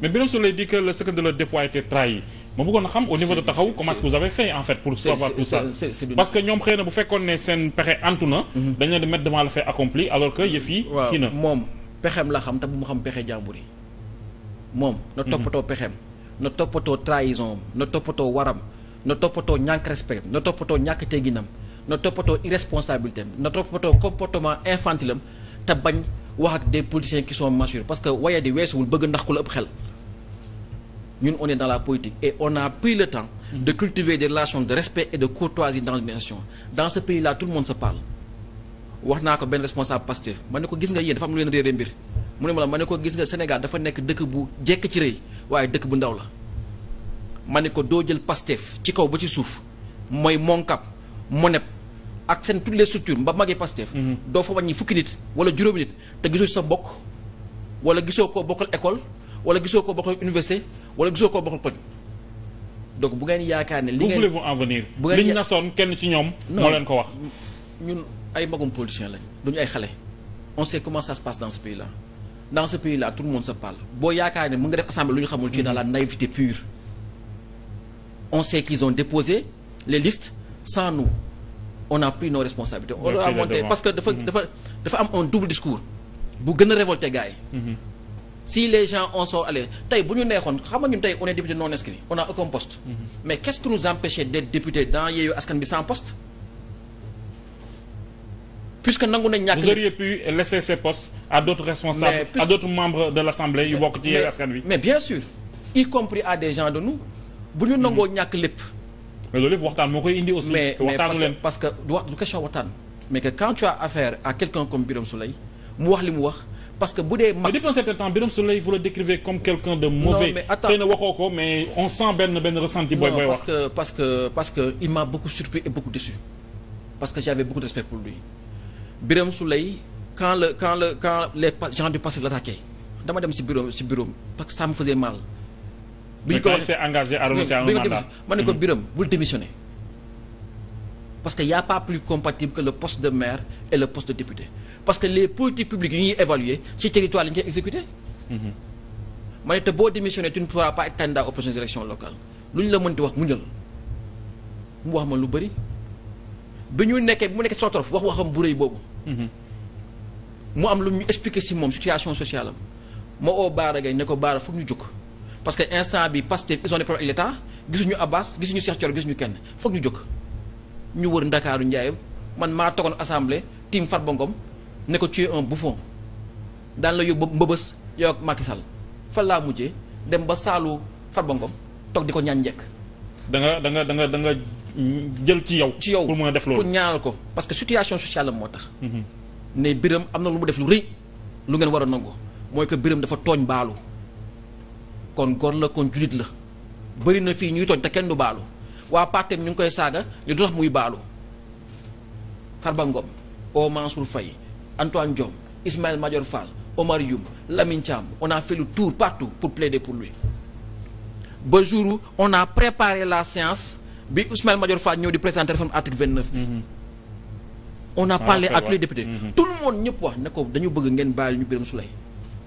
mais Birame Souleye dit que le secret de leur dépôt a été trahi ma bëggoon a xam au niveau de taxaw comment que vous avez fait en fait pour savoir tout ça parce que ñoom xëy na bu fekkoon ne seen pexe antu na mhm. dañ di mettre devant le fait accompli alors que yëf yi kii na moom pexem la xam te bu mu xam pexe jàmbur yi moom na mhm. toppatoo pexem na toppatoo trahison am na toppatoo waram na toppatoo ñàkk respect na toppatoo ñàkk tegginam na toppatoo irresponsabilité am na toppatoo comportement infantile am te bañ wax ak des politiciens parce que waye di weesuwul bëgg ndax ku la xel ñun on est dans la politique et on a pris le temps de cultiver des relations de respect et de courtoisie dans une nation dans ce pays là tout le monde se parle wax naa ko benn responsable Pastef ma ne ko gis nga yéen dafa am lu leen réere mbir mu ne ma la ma ne ko gis nga Sénégal dafa nekk dëkk bu jekk ci rëy waaye dëkk bu ndaw la ma ne ko doo jël Pastef ci kaw ba ci suuf mooy Moncap Monep ak seen toutes les structures mba magee Pastef mhm. doo fa wàññi fukki nit wala juróomi nit te gisoo sa mbokk wala gisoo koo bokkal école wala gisoo koo bokkal université wala gisoo koo bokkal koñ donc bu ngeen yaakaar ne. li ngeen voulez-vous en venir. bu ngeen liñ nasoon kenn ci ñoom. moo leen ko wax ñun ay magum politiciens lañ duñu ay xale. on sait comment ça se passe dans ce pays là dans ce pays là tout le monde se parle boo yaakaar ne mu nga def assemblée lu ñu xamul ci dans la naïveté pure. on sait qu'ils ont déposé les listes sans nous on a pris nos responsabilités. on a parce que dafa mm-hmm. dafa dafa am on double discours. bu gën a révolté gars si les gens on sont allés tey bu ñu neexoon xam nga ñun tey on est député non inscrit on a aucun poste. Mhm. mais qu'est-ce nous empêchait d'être député dans Yewwi Askan Wi sans poste. puisque nangu nañ ñàkk. vous auriez pu laisser ces postes à d'autres bokk ci Yewwi Askan Wi. mais bien sûr y compris à des gens de nous. bu ñu nangoo mhm. ñàkk lépp. mais loolu yëpp waxtaan moo koy indi aussi. waxtaanu leen mais parce que parce que du question waxtaan. mais que quand tu as affaire à quelqu'un comme Birame Souleye mu wax li mu wax. parce que bu dee mag. mais depuis un certain temps Birame Souleye comme quelqu'un de mauvais. non waxoo ko mais on sent benn benn ressenti. booy booy wax parce que parce que parce que il m'a beaucoup surpris et beaucoup déçu parce que j'avais beaucoup de pour lui Birame Souleye quand le quand le quand les gens du passé l'attaquaient dama dem ci bureau ci bureau parce que ça me faisait mal. bi ñu ko waxee engagé à renoncer à un mandat ne ko mm-hmm. Birame bul démissionner parce que y a pas plus compatible maire et le poste de parce que les politiques publiques yi ñuy évaluer ci territoire la ñu koy exécuté. ma ne te boo démissionné tu ne pourras pas être candidat aux prochaines élections locales lu ñu la mënti wax muñal mu wax ma lu bëri bi ñu nekkee bi mu nekkee sotrof wax waxam bu rëy boobu. mu am lu ñu expliqué si moom situation sociale am ma oo Baara Gaye ne ko Baara foog ñu jukk parce que instant bi Pastef ils ont des problèmes avec l'État gisuñu Abbas gisuñu Cheikh Thioro gisuñu kenn foog ñu jukk ñu wër Ndakaaru Ndiaye man maa toogoon assemblée team Farba ne ko ci es un bouffon daan la yóbbu mbëbës yow ak Macky Sall fan laa mujjee dem ba saalu Farba Ngom toog di ko ñaan njekk da nga da nga da nga da nga jël ci yow. ci yow pour mën def loolu pour ñaanal ko parce que situation sociale la moo tax. Mhm. ne biram am na lu mu def lu rëy lu ngeen war a nangu mooy que biram dafa tooñ baalu kon góor la kon julit la bëri na fii ñuy tooñ te kenn du baalu waa partem ñu ngi koy saaga ñu du tax muy baalu Farba Ngom oo Mansour Faye Antoine Diome Ismaël Madior Fall Omar Youm Lamine Thiam on a fait le tour partout pour plaider pour lui ba jour on a préparé la séance bi Ismaël Madior Fall ñëw di présenter réforme article 29 bi mhm. on parlé ak les députés mhm. tout le monde ñëpp wax ne ko dañu bëgg ngeen bàyyi ñu Birame Souleye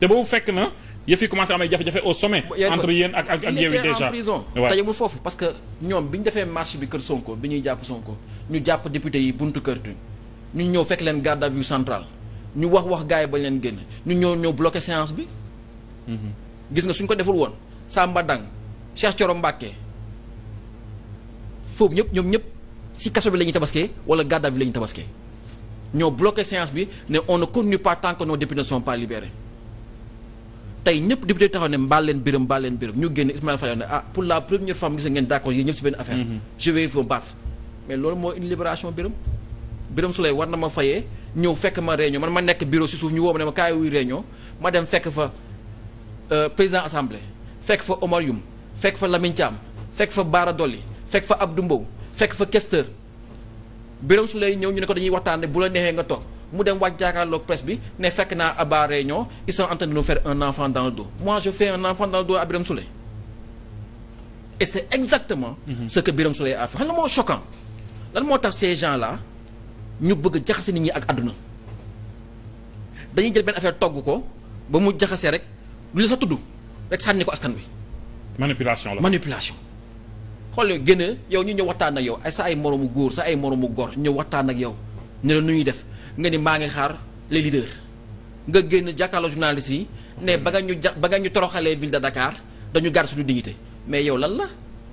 te boobu fekk na yëf yi commencé amee jafe-jafe au sommet. entre yéen ak ak ak Yewwi déjà en foofu parce que ñoom bi ñu defee marche bi kër Sonko bi ñuy jàpp Sonko ñu jàpp député yi buntu kër tuñ ñu ñëw fekk leen garde à vue centrale ñu wax wax gars yi bañ leen génn ñu ñëw ñëw bloqué séance bi. gis nga suñ ko deful woon Samba Dang Cheikh Thioro Mbacké foofu ñëpp ñoom ñëpp si kaso bi la ñuy tabaskee wala garde à vue bi la ñuy tabaskee ñoo bloqué séance bi ne on ne continue pas tant que nos députés ne sont pas libérés tey ñëpp député taxaw ne mbaal leen biram mbaal leen biram ñu génn Ismaël Faye ne ah pour la première fois gis ngeen d'accord yéen ñëpp si benn affaire. Mm-hmm. je vais mais loolu moo une libération biram biram su lay war na ma fayee. ñëw fekk ma réunion man ma nekk bureau si suuf ñu woo ma ne ma kaay wuy réunion ma dem fekk fa euh, président assemblée fekk fa Omar Youm fekk fa Lamine fekk fa Bara Dolly fekk fa Abdou Mbow fekk fa Kester Birame Souleye ñëw ñu ne ko dañuy waxtaanee bu la neexee nga toog mu dem wàcc jàkkaarloog presse bi ne fekk naa Aba réunion ils sont en train de nous faire un enfant dans le dos moi je fais un enfant dans le dos à exactement. Mm -hmm. ce que Birame Souleye a fait. moo tax ces ñu bëgg jaxase nit ñi ak àdduna dañuy jël benn affaire togg ko ba mu jaxasee rek du la sa tudd rek sànni ko askan wi. manipulation la manipulation. xool yow génne yow ñu ñëw waxtaan ak yow ay sa ay moroomu góor sa ay moroomu góor ñëw waxtaan ak yow ne la nu ñuy def nga ni maa ngi xaar les leaders nga génn jàkkaarloo journaliste yi ne ba nga ñu ja ba nga ñu toroxalee ville de Dakar dañu garder suñu dignité mais yow lan la.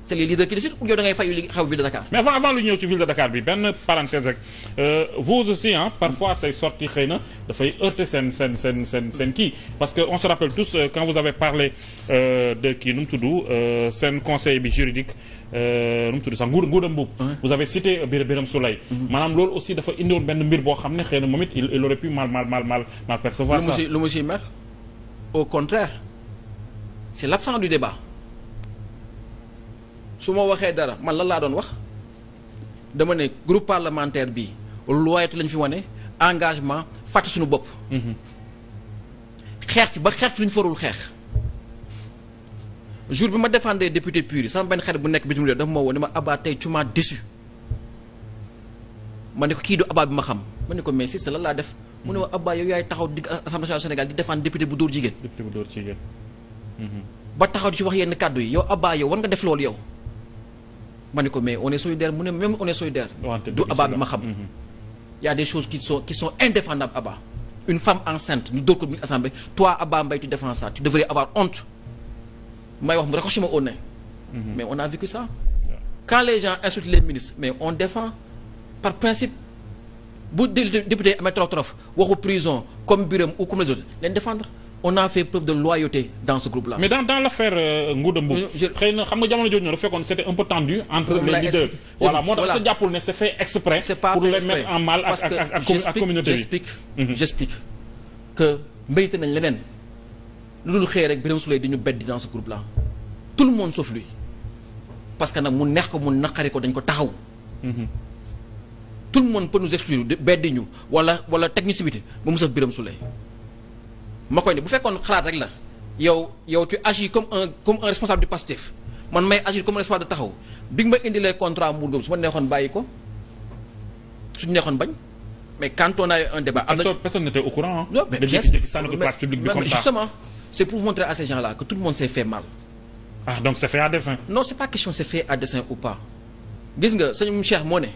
c'est les leaders qui décident ou yow da ngay fayu xew ville de Dakar. mais avant avant lu ñëw ci ville de Dakar bi benn parenthèse rek euh, vous aussi ah parfois say sorties xëy na dafay heurter seen seen seen seen seen kii parce que on se rappelle tous euh, quand vous avez parlé euh, de kii nu mu tudd seen conseil bi juridique nu mu tudd sax nguur nguuram boobu. vous avez cité Birame Birame Souleye. Mhm. maanaam loolu aussi dafa indiwoon benn mbir boo xam ne xëy na moom it il aurait pu mal mal mal mal mal percevoir ça. su ma waxee dara man lan laa doon wax dama ne groupe parlementaire bi loyauté lañ fi wane engagement fàtte suñu bopp. Mhm. xeex fi ba xeex fi lu ñu farul xeex. jour bi ma défendee député pur yi sama benn xarit bu nekk bi bitim réew dafa moo woo ne ma abaa tey tu m'as déçu ma ne ko kii du abaa bi ma xam ma ne ko mais sa lan laa def. mu ne ma mhm. abaa yow yaay taxaw digg assemblée nationale Sénégal di défendre député bu dóor jigéen. député bu mhm. ba taxaw di ci wax yenn kàddu yi yo abaa yow war nga def loolu yow. ma ne ko mais on est solidaire mu ne même on est solidaire du Abba bi ma xam mhm. y a des choses qui sont qui sont indéfendables Abba une femme enceinte ñu dóor ko bi assemblée toi Abba Mbaye tu défends ça tu devrais avoir honte may wax mu raccroché ma au nez mhm. mais on a vécu ça quand les gens insultent les ministres mais on défend par principe bu député amee torof torof waxu prison comme Birame ou comme les autres leen défendre on a fait preuve de loyauté dans ce groupe là. mais dans dans l'affaire euh, Ngouda Mboup. Mm, xëy na xam nga jamono jooju ñoo dafa fekkoon c'était un peu tendu. entre les leaders voilà moo nañ leneen lu dul xëy rek Birame Souleye di ñu beddi dans ce groupe la tout le monde sauf lui parce que nag mu neex ko mu naqari ko dañ ko taxaw. Mhm. tout le moon peut nous exclure beddi ñu wala wala technicité ba mu saf Birame Souleye. ma koy ne bu fekkoon xalaat rek la yow yow tu agis comme un comme un responsable du Pastef man may agir comme un responsable de taxaw bi nga ma indilee contrat Mbour Ngom su ma neexoon bàyyi ko suñu neexoon bañ mais quand on un débat. am na personne n'était au courant non mais bien sûr mais justement c'est pour montrer à ces gens-là tout le monde fait mal. ah donc c'est fait à dessein. non c'est pas question c'est fait à dessein ou pas gis nga sëñ Cheikh moo ne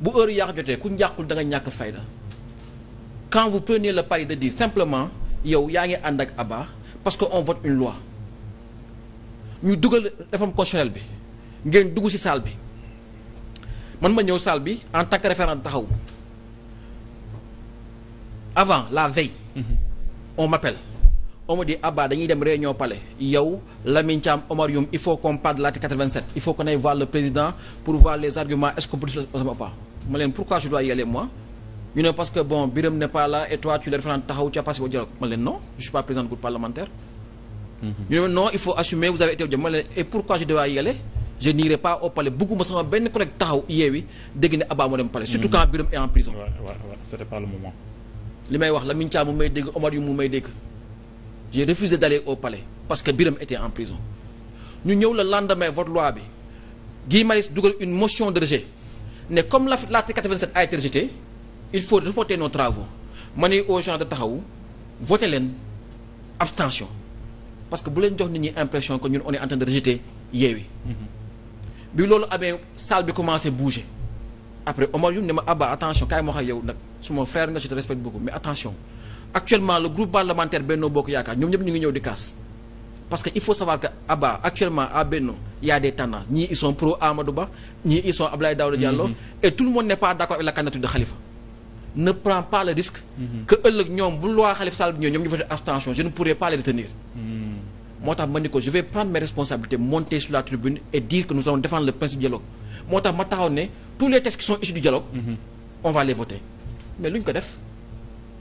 bu heure yàq jotee ku ñu yàqul da nga ñàkk fayda quand vous prenez le pari de dire simplement yow yaa ngi ànd ak Abba parce que on vote une loi ñu dugal réforme constitutionnelle bi ngeen dugg ci salle bi man ma ñëw salle bi en tant que référent taxaw avant la veille mhm. on m'appelle on me dit Abba dañuy dem réunion palais yow Lamine Thiam Omar il faut qu'on parle de l'article 87 il faut qu'on aille voir le président pour voir les arguments est-ce qu'on peut le pas ma leen pourquoi je dois y aller ñu ne parce que bon Birame n'est pas là et toi tu leur fais taxaw tu as passé au dialogue man leen non je suis pas président de parlementaire. Mhm. ñu ne non il faut assumer vous leen et pourquoi je devais y aller je n'irai pas au bugguma sama benn collègue taxaw yeewi dégg ne Abba moo dem palais. surtout mhm. quand Birame est en prison. li may wax Lamine Thiam mu may dégg Omar yu mu may dégg j'ai refusé d'aller au parce que Birame était en prison ñu ñëw le lendemain bi Guy Marius dugal une motion de rejet ne comme l'article 87 il faut reporter nos travaux ma ne aux gens de taxawu voter leen abstention parce que bu leen jox nit ñi impression que ñun on est en train de rejeter Yewwi mhm. bi loolu amee salle bi commencé bouger après Omar Youm ne ma Abba attention kaay ma wax yow nag suma frère nga je te respecte mais attention actuellement le groupe parlementaire Benno Bokk Yaakaar ñoom ñëpp ñu ngi ñëw di casse parce que il faut savoir que Abba actuellement à Benno y a des tendances ñii ils ne prend pas le risque. Mhm. que ëllëg ñoom bu loi Khalifa Sall bi ñëw ñoom ñu voté abstention je ne pourrai pas les retenir. Mhm. moo tax ma ni ko je vais prendre mes responsabilités monter sur la tribune et dire que nous allons défendre le principe dialogue moo tax ma taxaw ne tous les textes qui sont issus du dialogue. Mhm. on va les voter mais lu ñu ko def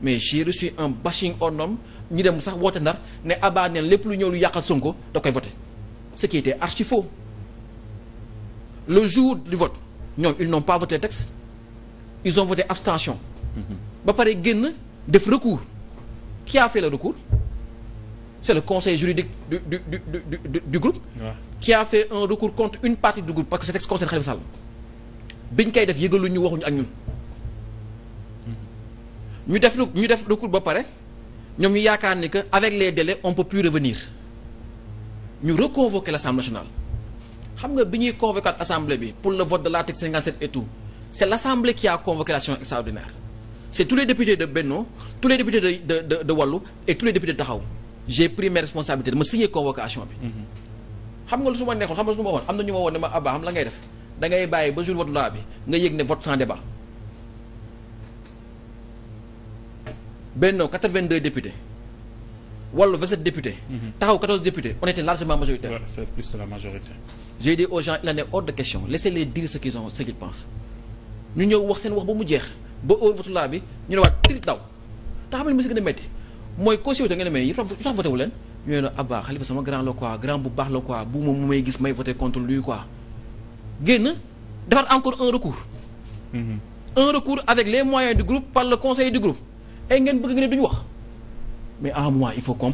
mais j'ai reçu un bashing hors norme ñu dem sax woote ndar ne abaa neen lépp lu ñëw lu yàqal Sonko da koy voté ce qui était archi faux le jour du vote ñoom ils n'ont pas voté le texte ba pare génn def recours qui a fait le recours c'est le conseil juridique du du du du du, du groupe. Ouais. qui a fait un recours contre une partie du groupe parce que ce texte concerne Khalifa Sall biñ koy def yëgaluñ ñu waxuñu ak ñun. ñu def ñu def recours ba pare ñoom ñu yaakaar ni que avec les délais on peut plus revenir ñu reconvoquer l'Assemblée nationale. xam nga bi ñuy convoquer assemblée bi pour le vote de l'article 57 et tout c'est l'Assemblée qui a convoqué la c'est tous les députés de Benno tous les députés de de de, de Wallu et tous les députés Taxaw j'ai pris responsabilités dama signé convocation bi. xam nga la su ma neexoon xam nga su ma woon am na ñu ma won ne ma Abba xam la ngay def da ngay bàyyi ba jour vote loi bi nga yëg ne vote sans débat. Benno 82 députés Wallu 27 députés. Mhm. Taxaw 14 députés on était largement majoritaire. Ouais, c'est plus la majorité. j'ai dit aux gens il en est hors question laissez-les dire ce qu'ils ont ñu ñëw wax seen wax ba mu jeex. ba heure votulaa bi ñu ne waat tirit daw te xam si gën a métti mooy koo siwte nga ne mais yi tax voté wu leen ñu ne abba Khalifa sama grand la quoi grand bu baax la quoi bu moom mu may gis may voté contre lui quoi génn defaat encore un recours mhm. un recours avec les moyens du groupe par le conseil du groupe ay ngeen bëgg ngeen duñu wax mais un moment il faut comprendre